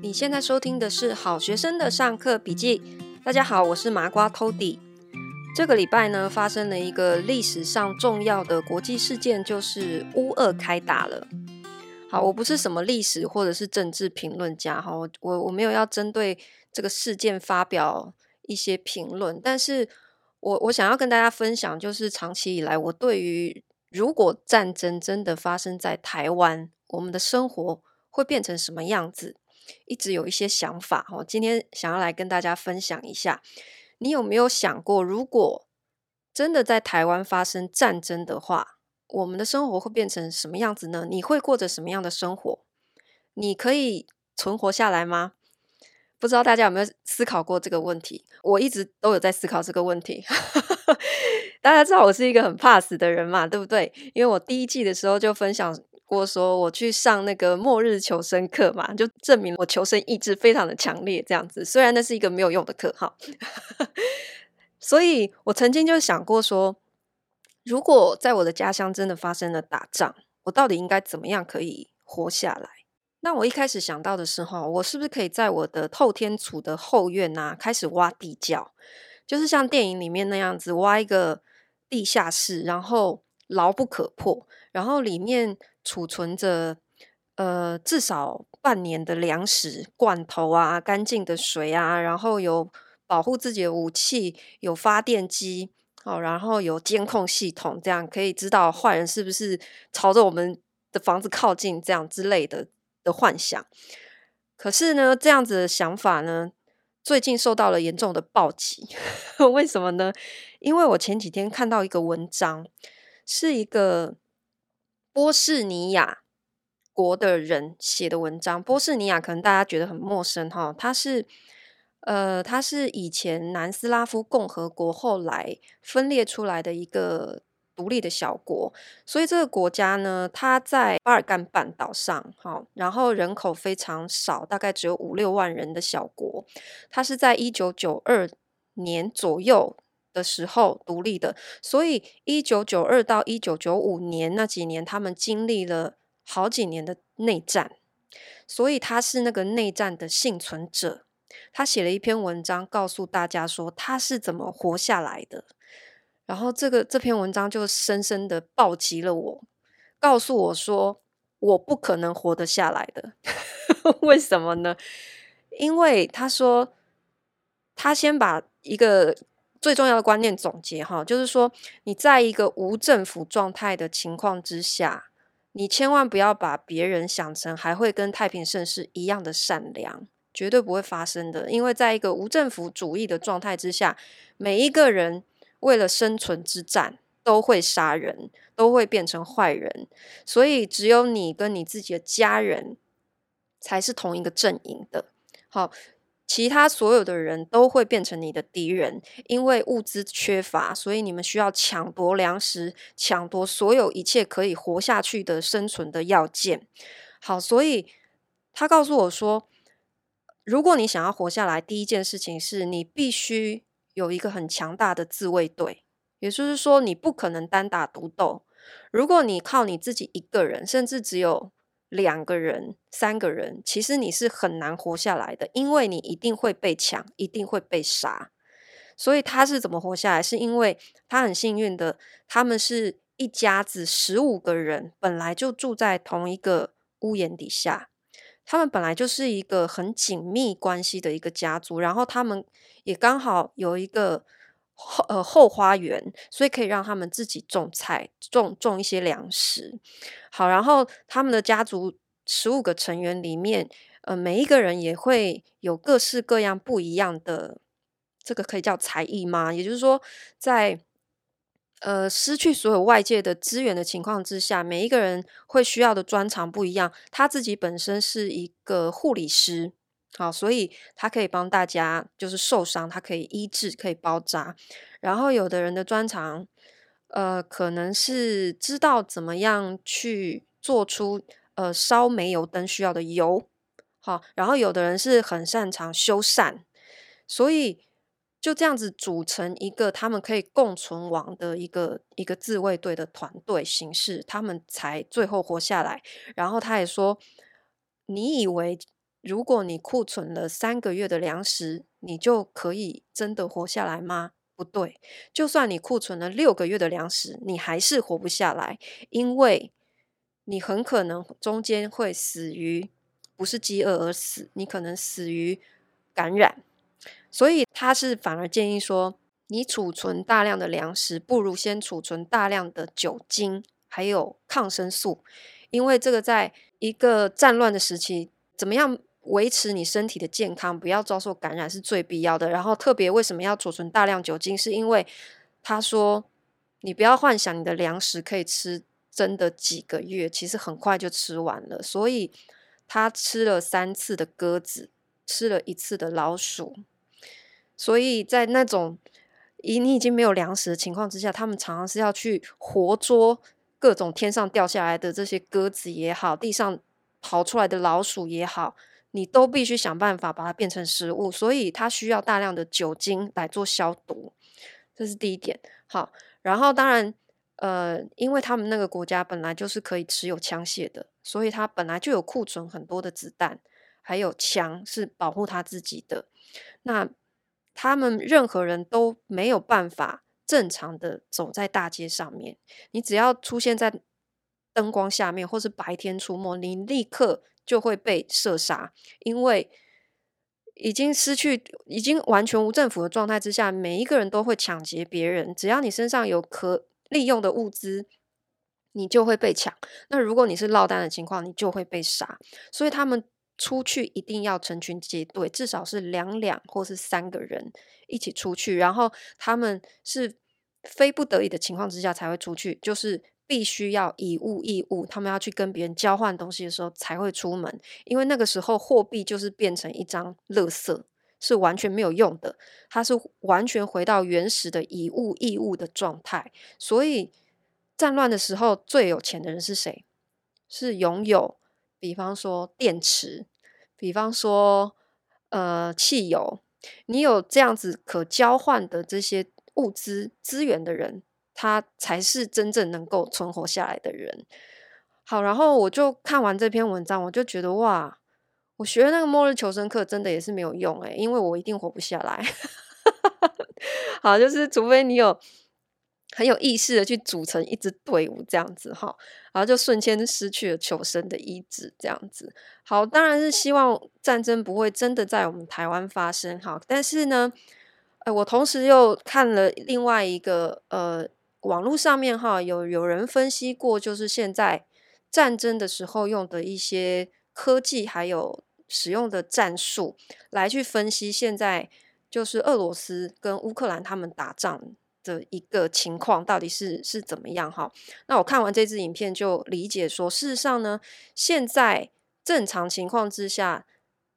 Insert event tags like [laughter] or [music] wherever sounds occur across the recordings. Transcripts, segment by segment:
你現在收聽的是《好學生的上課筆記》。大家好，我是麻瓜 TODY。這個禮拜呢，發生了一個歷史上重要的國際事件，就是烏俄開打了。好，我不是什麼歷史或者是政治評論家，哈，我我沒有要針對這個事件發表一些評論。但是我我想要跟大家分享，就是長期以來我對於如果戰爭真的發生在台灣，我們的生活會變成什麼樣子？一直有一些想法，我今天想要來跟大家分享一下。你有沒有想過，如果真的在台灣發生戰爭的話，我們的生活會變成什麼樣子呢？你會過着什麼樣的生活？你可以存活下來嗎？不知道大家有沒有思考過這個問題？我一直都有在思考這個問題。 [laughs] 大家知道我是一個很怕死的人嘛，對不對？因為我第一季的時候就分享。過說我去上那個末日求生課嘛，就證明我求生意志非常的強烈。這樣子，雖然那是一個沒有用的課哈。 [laughs] 所以我曾經就想過說，如果在我的家鄉真的發生了打仗，我到底應該怎麼樣可以活下來？那我一開始想到的時候，我是不是可以在我的透天厝的後院吶、啊、開始挖地窖，就是像電影裡面那樣子挖一個地下室，然後牢不可破。然後裡面儲存着呃至少半年的糧食、罐頭啊、乾淨的水啊，然後有保護自己的武器、有發電機，哦，然後有監控系統，這樣可以知道壞人是不是朝着我們的房子靠近，這樣之類的的幻想。可是呢，這樣子的想法呢，最近受到了嚴重的暴擊。 [laughs] 為什麼呢？因為我前幾天看到一個文章，是一個。波士尼亞國的人寫的文章。波士尼亞可能大家覺得很陌生哈，它是呃，它是以前南斯拉夫共和國後來分裂出來的一個獨立的小國，所以這個國家呢，它在巴爾幹半島上，好，然後人口非常少，大概只有五六萬人的小國，它是在一九九二年左右的時候獨立的，所以一九九二到一九九五年那幾年，他們經歷了好幾年的內戰，所以他是那個內戰的倖存者。他寫了一篇文章，告訴大家說他是怎麼活下來的。然後這個這篇文章就深深的暴擊了我，告訴我說我不可能活得下來的。 [laughs] 為什麼呢？因為他說他先把一個。最重要的觀念總結哈，就是說，你在一個無政府狀態的情況之下，你千萬不要把別人想成還會跟太平盛世一樣的善良，絕對不會發生的。因為在一個無政府主義的狀態之下，每一個人為了生存之戰都會殺人，都會變成壞人，所以只有你跟你自己的家人才是同一個陣營的。好。其他所有的人都會變成你的敵人，因為物資缺乏，所以你們需要搶奪糧食，搶奪所有一切可以活下去的生存的要件。好，所以他告訴我說，如果你想要活下來，第一件事情是你必須有一個很強大的自衛隊，也就是說，你不可能單打獨鬥。如果你靠你自己一個人，甚至只有。兩個人、三個人，其實你是很難活下來的，因為你一定會被搶，一定會被殺。所以他是怎麼活下來？是因為他很幸運的，他們是一家子十五個人，本來就住在同一個屋檐底下，他們本來就是一個很緊密關係的一個家族，然後他們也剛好有一個。後呃後花園，所以可以讓他們自己種菜，種種一些糧食。好，然後他們的家族十五個成員裡面，呃，每一個人也會有各式各樣不一樣的，這個可以叫才藝嗎？也就是說在，在呃失去所有外界的資源的情況之下，每一個人會需要的專長不一樣，他自己本身是一個護理師。好，所以他可以幫大家，就是受傷，他可以醫治，可以包紮。然後有的人的專長，呃，可能是知道怎麼樣去做出呃燒煤油燈需要的油。好，然後有的人是很擅長修繕，所以就這樣子組成一個他們可以共存亡的一個一個自衛隊的團隊形式，他們才最後活下來。然後他也說，你以為？如果你庫存了三個月的糧食，你就可以真的活下來嗎？不對，就算你庫存了六個月的糧食，你還是活不下來，因為你很可能中間會死於不是飢餓而死，你可能死於感染。所以他是反而建議說，你儲存大量的糧食，不如先儲存大量的酒精還有抗生素，因為這個在一個戰亂的時期，怎麼樣？維持你身體的健康，不要遭受感染是最必要的。然後特別為什麼要儲存大量酒精？是因為他說你不要幻想你的糧食可以吃真的幾個月，其實很快就吃完了。所以他吃了三次的鴿子，吃了一次的老鼠。所以在那種以你已經沒有糧食的情況之下，他們常常是要去活捉各種天上掉下來的這些鴿子也好，地上跑出來的老鼠也好。你都必須想辦法把它變成食物，所以它需要大量的酒精來做消毒，這是第一點。好，然後當然，呃，因為他們那個國家本來就是可以持有槍械的，所以他本來就有庫存很多的子彈，還有槍是保護他自己的。那他們任何人都沒有辦法正常的走在大街上面，你只要出現在燈光下面，或是白天出沒，你立刻，就會被射殺，因為已經失去、已經完全無政府的狀態之下，每一個人都會搶劫別人。只要你身上有可利用的物資，你就會被搶。那如果你是落單的情況，你就會被殺。所以他們出去一定要成群結隊，至少是兩兩或是三個人一起出去。然後他們是非不得已的情況之下才會出去，就是。必須要以物易物，他們要去跟別人交換東西的時候才會出門，因為那個時候貨幣就是變成一張垃圾，是完全沒有用的，它是完全回到原始的以物易物的狀態。所以戰亂的時候最有錢的人是誰？是擁有，比方說電池，比方說呃汽油，你有這樣子可交換的這些物資資源的人。他才是真正能夠存活下來的人。好，然後我就看完這篇文章，我就覺得哇，我學的那個末日求生課真的也是沒有用哎、欸，因為我一定活不下來。 [laughs] 好，就是除非你有很有意識的去組成一支隊伍這樣子哈，然後就瞬間失去了求生的意志這樣子。好，當然是希望戰爭不會真的在我們台灣發生哈，但是呢，哎、呃，我同時又看了另外一個呃。網絡上面哈，有有人分析過，就是現在戰爭的時候用的一些科技，還有使用的戰術，來去分析現在就是俄羅斯跟烏克蘭他們打仗的一個情況到底是是怎麼樣哈。那我看完這支影片就理解說，事實上呢，現在正常情況之下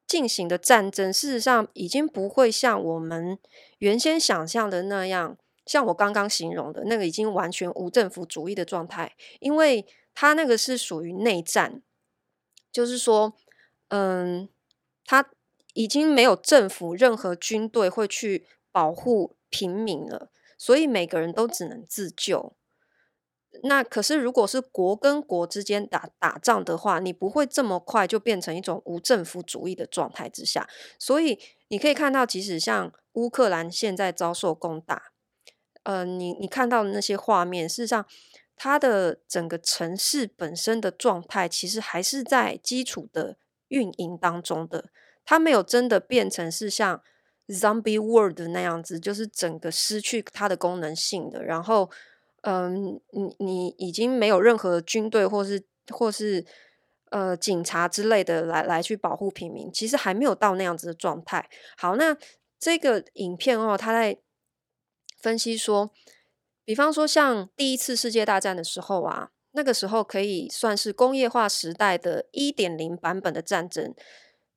進行的戰爭，事實上已經不會像我們原先想象的那樣。像我剛剛形容的那個已經完全無政府主義的狀態，因為它那個是屬於內戰，就是說，嗯，他已經沒有政府任何軍隊會去保護平民了，所以每個人都只能自救。那可是，如果是國跟國之間打打仗的話，你不會這麼快就變成一種無政府主義的狀態之下。所以你可以看到，即使像烏克蘭現在遭受攻打。呃，你你看到的那些畫面，事實上，它的整個城市本身的狀態，其實還是在基礎的運營當中的，它沒有真的變成是像 Zombie World 那樣子，就是整個失去它的功能性的。然後，嗯、呃，你你已經沒有任何軍隊或是或是呃警察之類的來來去保護平民，其實還沒有到那樣子的狀態。好，那這個影片哦，它在。分析說，比方說像第一次世界大戰的時候啊，那個時候可以算是工業化時代的一點零版本的戰爭。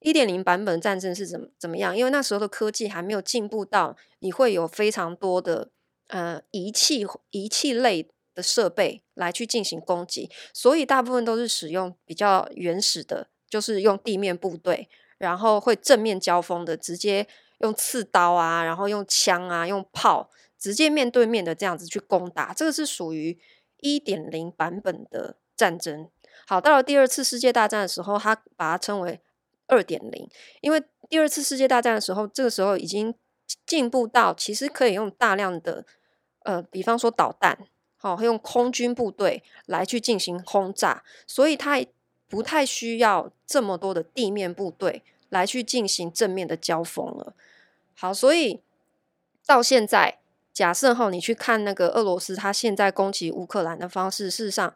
一點零版本戰爭是怎麼怎麼樣？因為那時候的科技還沒有進步到你會有非常多的呃儀器、儀器類的設備來去進行攻擊，所以大部分都是使用比較原始的，就是用地面部隊，然後會正面交鋒的，直接用刺刀啊，然後用槍啊，用炮。直接面對面的這樣子去攻打，這個是屬於一點零版本的戰爭。好，到了第二次世界大戰的時候，它把它稱為二點零，因為第二次世界大戰的時候，這個時候已經進步到其實可以用大量的呃，比方說導彈，好、哦，用空軍部隊來去進行轟炸，所以它不太需要這麼多的地面部隊來去進行正面的交鋒了。好，所以到現在。假設哈，你去看那個俄羅斯，它現在攻擊烏克蘭的方式，事實上，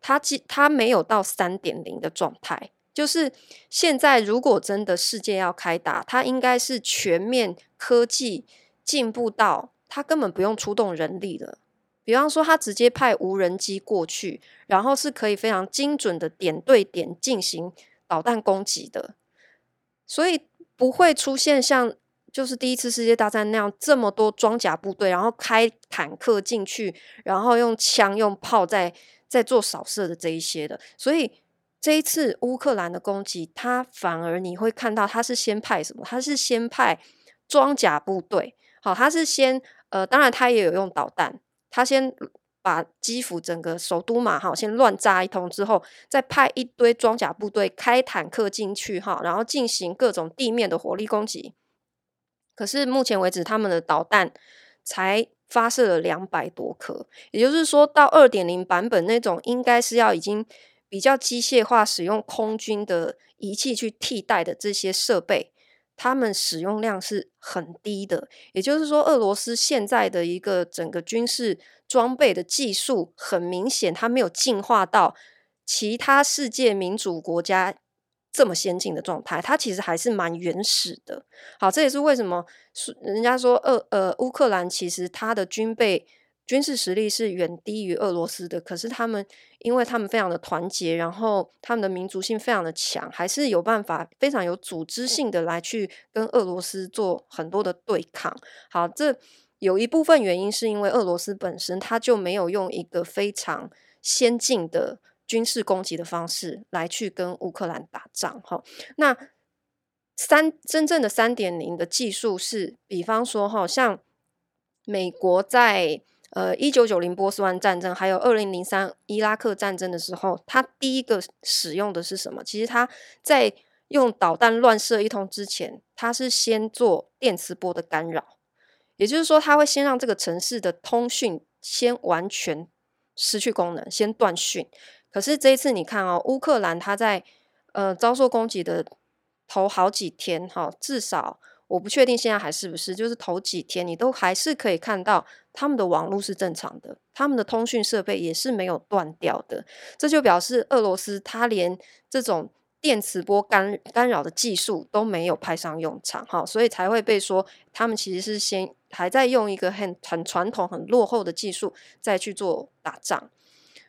它其他沒有到三點零的狀態。就是現在，如果真的世界要開打，它應該是全面科技進步到，它根本不用出動人力的。比方說，它直接派無人機過去，然後是可以非常精準的點對點進行導彈攻擊的，所以不會出現像，就是第一次世界大戰那樣，這麼多裝甲部隊，然後開坦克進去，然後用槍、用炮在在做掃射的這一些的。所以這一次烏克蘭的攻擊，他反而你會看到，他是先派什麼？他是先派裝甲部隊。好，他是先呃，當然他也有用導彈，他先把基輔整個首都嘛哈，先亂炸一通之後，再派一堆裝甲部隊開坦克進去哈，然後進行各種地面的火力攻擊。可是目前為止，他們的導彈才發射了兩百多顆，也就是說，到二點零版本那種，應該是要已經比較機械化，使用空軍的儀器去替代的這些設備，他們使用量是很低的。也就是說，俄羅斯現在的一個整個軍事裝備的技術，很明顯，它沒有進化到其他世界民主國家這麼先進的狀態，它其實還是蠻原始的。好，這也是為什麼是人家說俄，呃呃，烏克蘭其實它的軍備、軍事實力是遠低於俄羅斯的。可是他們，因為他們非常的團結，然後他們的民族性非常的強，還是有辦法非常有組織性的來去跟俄羅斯做很多的對抗。好，這有一部分原因是因為俄羅斯本身它就沒有用一個非常先進的。軍事攻擊的方式來去跟烏克蘭打仗，哈，那三真正的三點零的技術是，比方說哈，像美國在呃一九九零波斯灣戰爭，還有二零零三伊拉克戰爭的時候，它第一個使用的是什麼？其實它在用導彈亂射一通之前，它是先做電磁波的干擾，也就是說，它會先讓這個城市的通訊先完全失去功能，先斷訊。可是這一次，你看哦、喔，烏克蘭它在呃遭受攻擊的頭好幾天，哈，至少我不確定現在還是不是，就是頭幾天你都還是可以看到他們的網絡是正常的，他們的通訊設備也是沒有斷掉的，這就表示俄羅斯他連這種電磁波干干擾的技術都沒有派上用場，哈，所以才會被說他們其實是先還在用一個很很傳統、很落後的技術再去做打仗。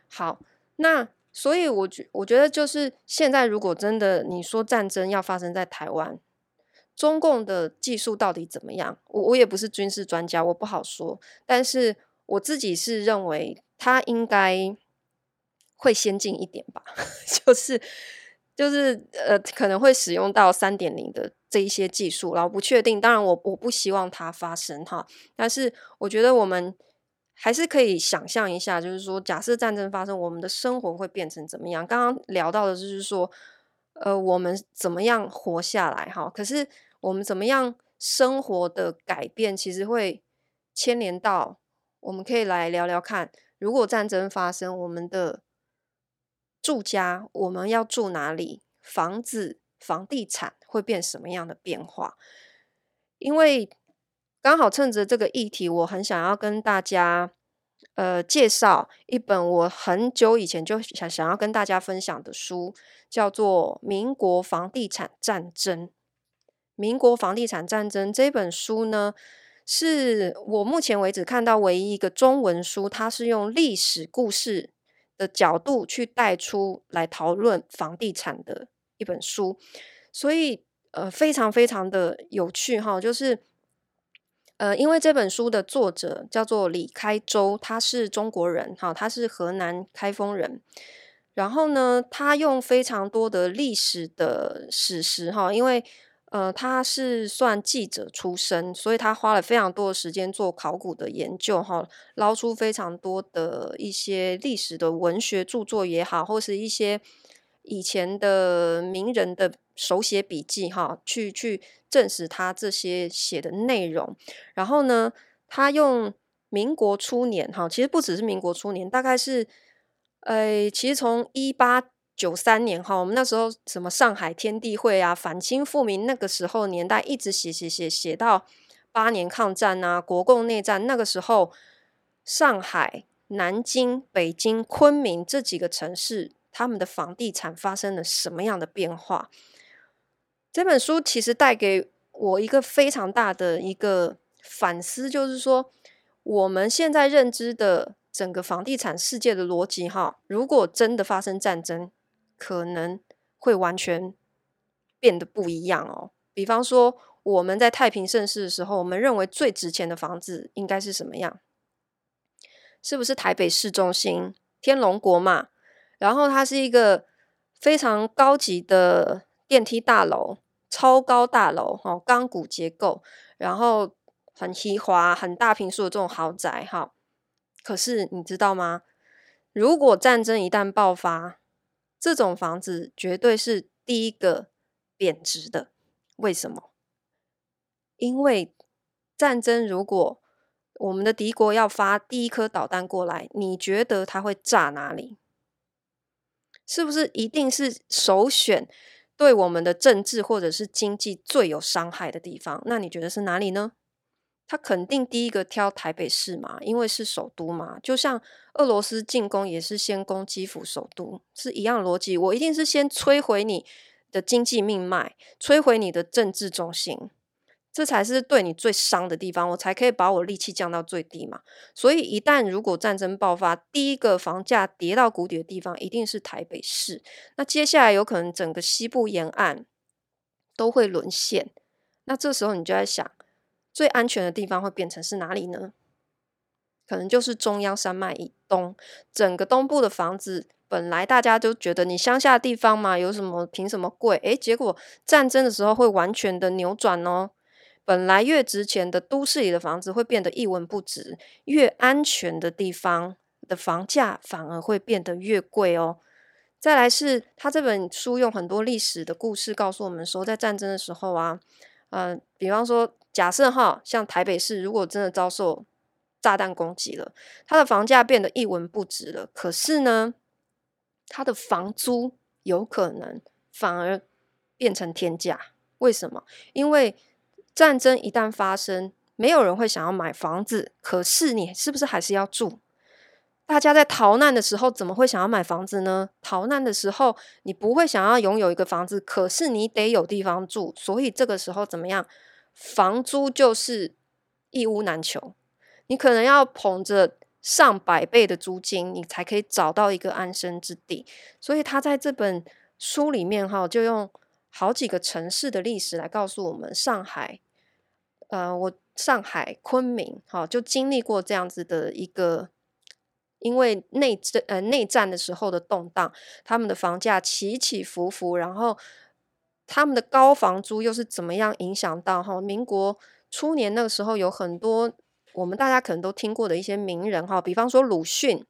好，那。所以我，我覺我覺得就是現在，如果真的你說戰爭要發生在台灣，中共的技術到底怎麼樣？我我也不是軍事專家，我不好說。但是我自己是認為他應該會先進一點吧，就是就是呃，可能會使用到三點零的這一些技術，然後不確定。當然我，我我不希望它發生哈。但是我覺得我們。還是可以想象一下，就是說，假設戰爭發生，我們的生活會變成怎麼樣？剛剛聊到的是就是說，呃，我們怎麼樣活下來？哈，可是我們怎麼樣生活的改變，其實會牽連到。我們可以來聊聊看，如果戰爭發生，我們的住家，我們要住哪裡？房子、房地產會變什麼樣的變化？因為。剛好趁着這個議題，我很想要跟大家，呃，介紹一本我很久以前就想想要跟大家分享的書，叫做《民國房地產戰爭》。《民國房地產戰爭》這本書呢，是我目前為止看到唯一一個中文書，它是用歷史故事的角度去帶出來討論房地產的一本書。所以呃，非常非常的有趣哈，就是。呃，因為這本書的作者叫做李開周，他是中國人，哈、哦，他是河南開封人。然後呢，他用非常多的歷史的史實，哈、哦，因為呃，他是算記者出身，所以他花了非常多的時間做考古的研究，哈、哦，撈出非常多的一些歷史的文學著作也好，或是一些。以前的名人的手寫筆記，哈，去去證實他這些寫的內容。然後呢，他用民國初年，哈，其實不只是民國初年，大概是，呃，其實從一八九三年，哈，我們那時候什麼上海天地會啊，反清復明，那個時候年代一直寫寫寫寫到八年抗戰啊，國共內戰，那個時候上海、南京、北京、昆明這幾個城市。他們的房地產發生了什麼樣的變化？這本書其實帶給我一個非常大的一個反思，就是說我們現在認知的整個房地產世界的邏輯，哈，如果真的發生戰爭，可能會完全變得不一樣哦。比方說，我們在太平盛世的時候，我們認為最值錢的房子應該是什麼樣？是不是台北市中心，天龍國嘛？然後它是一個非常高級的電梯大樓，超高大樓，哦，鋼骨結構，然後很豪華、很大坪數的這種豪宅，哈。可是你知道嗎？如果戰爭一旦爆發，這種房子絕對是第一個貶值的。為什麼？因為戰爭，如果我們的敵國要發第一顆導彈過來，你覺得它會炸哪裡？是不是一定是首選對我們的政治或者是經濟最有傷害的地方？那你覺得是哪裡呢？他肯定第一個挑台北市嘛，因為是首都嘛。就像俄羅斯進攻也是先攻基輔首都，是一樣的邏輯。我一定是先摧毀你的經濟命脈，摧毀你的政治中心。這才是對你最傷的地方，我才可以把我力氣降到最低嘛。所以一旦如果戰爭爆發，第一個房價跌到谷底的地方一定是台北市。那接下來有可能整個西部沿岸都會淪陷。那這時候你就在想，最安全的地方會變成是哪裡呢？可能就是中央山脈以東，整個東部的房子本來大家都覺得你鄉下的地方嘛，有什麼憑什麼貴？哎，結果戰爭的時候會完全的扭轉哦。本來越值錢的都市裡的房子會變得一文不值，越安全的地方的房價反而會變得越貴哦。再來是他這本書用很多歷史的故事告訴我們說，在戰爭的時候啊，嗯、呃，比方說假設哈，像台北市如果真的遭受炸彈攻擊了，它的房價變得一文不值了，可是呢，它的房租有可能反而變成天價。為什麼？因為戰爭一旦發生，沒有人會想要買房子。可是你是不是還是要住？大家在逃難的時候，怎麼會想要買房子呢？逃難的時候，你不會想要擁有一個房子，可是你得有地方住。所以這個時候怎麼樣？房租就是一屋難求。你可能要捧着上百倍的租金，你才可以找到一個安身之地。所以他在這本書裡面，哈，就用好幾個城市的歷史來告訴我們上海。呃，我上海、昆明，哈、哦，就經歷過這樣子的一個，因為內戰呃內戰的時候的動盪，他們的房價起起伏伏，然後他們的高房租又是怎麼樣影響到哈、哦，民國初年那個時候，有很多我們大家可能都聽過的一些名人哈、哦，比方說魯迅、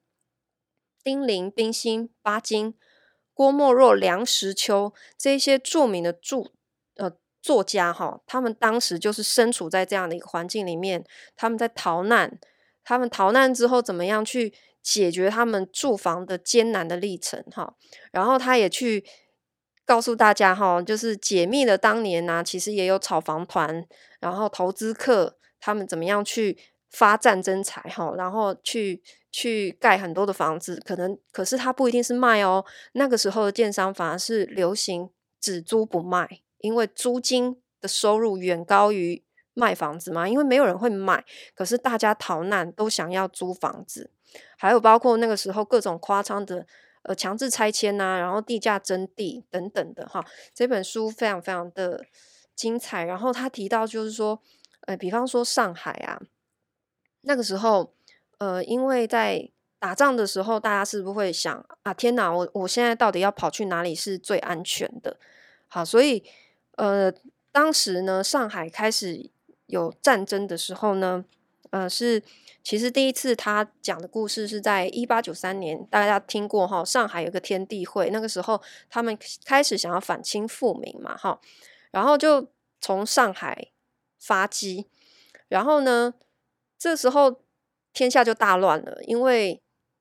丁玲、冰心、巴金、郭沫若、梁實秋這些著名的著呃。作家哈，他們當時就是身處在這樣的一個環境裡面，他們在逃難，他們逃難之後怎麼樣去解決他們住房的艱難的歷程哈？然後他也去告訴大家哈，就是解密了當年呢，啊，其實也有炒房團，然後投資客他們怎麼樣去發戰爭財哈？然後去去蓋很多的房子，可能可是他不一定是賣哦，那個時候的建商反而是流行只租不賣。因為租金的收入遠高於賣房子嘛，因為沒有人會買，可是大家逃難都想要租房子，還有包括那個時候各種誇張的呃強制拆遷吶啊，然後地價徵地等等的哈。這本書非常非常的精彩，然後他提到就是說，呃，比方說上海啊，那個時候呃，因為在打仗的時候，大家是不是會想啊，天哪，我我現在到底要跑去哪裡是最安全的？好，所以。呃，當時呢，上海開始有戰爭的時候呢，呃，是其實第一次他講的故事是在一八九三年，大家聽過哈，上海有個天地會，那個時候他們開始想要反清復明嘛，哈，然後就從上海發起，然後呢，這時候天下就大亂了，因為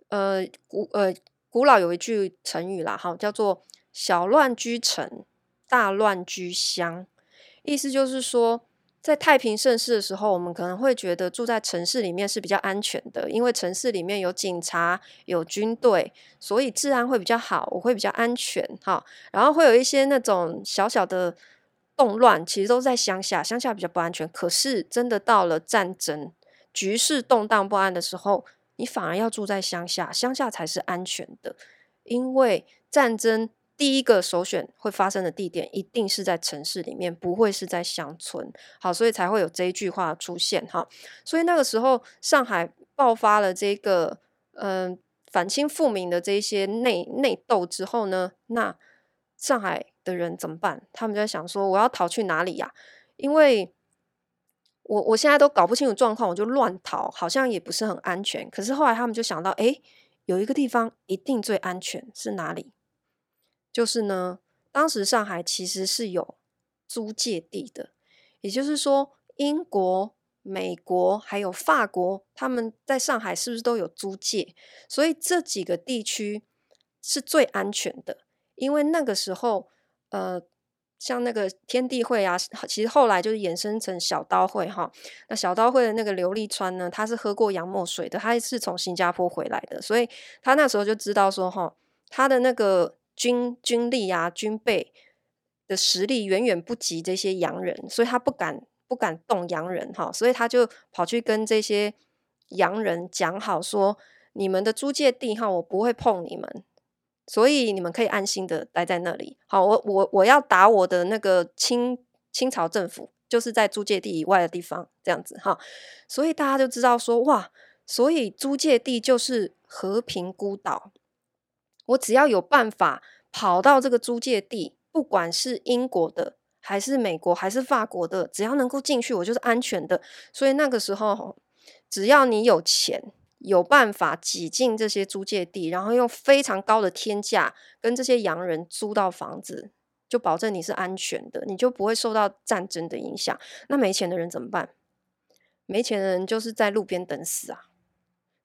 呃古呃古老有一句成語啦，哈，叫做小亂居城，大亂居鄉，意思就是說，在太平盛世的時候，我們可能會覺得住在城市裡面是比較安全的，因為城市裡面有警察、有軍隊，所以治安會比較好，我會比較安全哈。然後會有一些那種小小的動亂，其實都在鄉下，鄉下比較不安全。可是真的到了戰爭，局勢動盪不安的時候，你反而要住在鄉下，鄉下才是安全的，因為戰爭。第一個首選會發生的地點一定是在城市裡面，不會是在鄉村。好，所以才會有這一句話出現哈。所以那個時候，上海爆發了這個嗯、呃、反清復明的這一些內內鬥之後呢，那上海的人怎麼辦？他們就在想說，我要逃去哪裡呀、啊？因為我我現在都搞不清楚狀況，我就亂逃，好像也不是很安全。可是後來他們就想到，誒、欸，有一個地方一定最安全，是哪裡？就是呢，當時上海其實是有租界地的，也就是說，英國、美國還有法國，他們在上海是不是都有租界？所以這幾個地區是最安全的，因為那個時候，呃，像那個天地會啊，其實後來就是衍生成小刀會哈。那小刀會的那個劉麗川呢，他是喝過洋墨水的，他是從新加坡回來的，所以他那時候就知道說，哈，他的那個。軍軍力啊，軍備的實力遠遠不及這些洋人，所以他不敢不敢動洋人哈，所以他就跑去跟這些洋人講好說：你們的租界地哈，我不會碰你們，所以你們可以安心的待在那裡。好，我我我要打我的那個清清朝政府，就是在租界地以外的地方，這樣子哈，所以大家就知道說哇，所以租界地就是和平孤島。我只要有辦法跑到這個租界地，不管是英國的還是美國還是法國的，只要能夠進去，我就是安全的。所以那個時候，只要你有錢，有辦法擠進這些租界地，然後用非常高的天價跟這些洋人租到房子，就保證你是安全的，你就不會受到戰爭的影響。那沒錢的人怎麼辦？沒錢的人就是在路邊等死啊，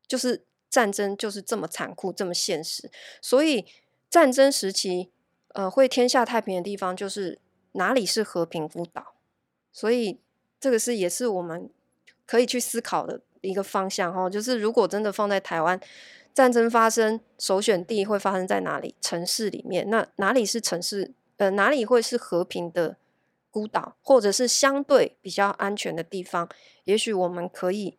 就是。戰爭就是這麼殘酷，這麼現實。所以戰爭時期，呃，會天下太平的地方就是哪裡是和平孤島。所以這個是也是我們可以去思考的一個方向哈。就是如果真的放在台灣，戰爭發生首選地會發生在哪裡？城市裡面，那哪裡是城市？呃，哪裡會是和平的孤島，或者是相對比較安全的地方？也許我們可以。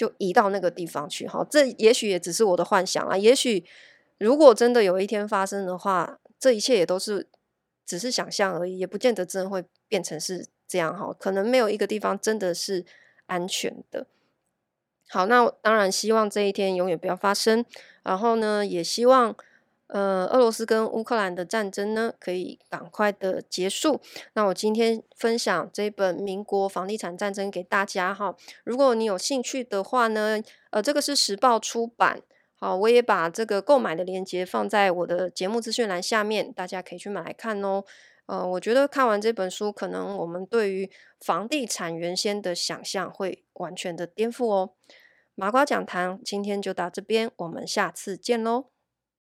就移到那個地方去，好，這也許也只是我的幻想啊。也許如果真的有一天發生的話，這一切也都是只是想象而已，也不見得真會變成是這樣哈。可能沒有一個地方真的是安全的。好，那當然希望這一天永遠不要發生。然後呢，也希望。呃，俄羅斯跟烏克蘭的戰爭呢，可以趕快的結束。那我今天分享這本《民國房地產戰爭》給大家哈。如果你有興趣的話呢，呃，這個是時報出版，好，我也把這個購買的鏈接放在我的節目資訊欄下面，大家可以去買來看哦。呃，我覺得看完這本書，可能我們對於房地產原先的想象會完全的顛覆哦。麻瓜講堂今天就到這邊，我們下次見嘍。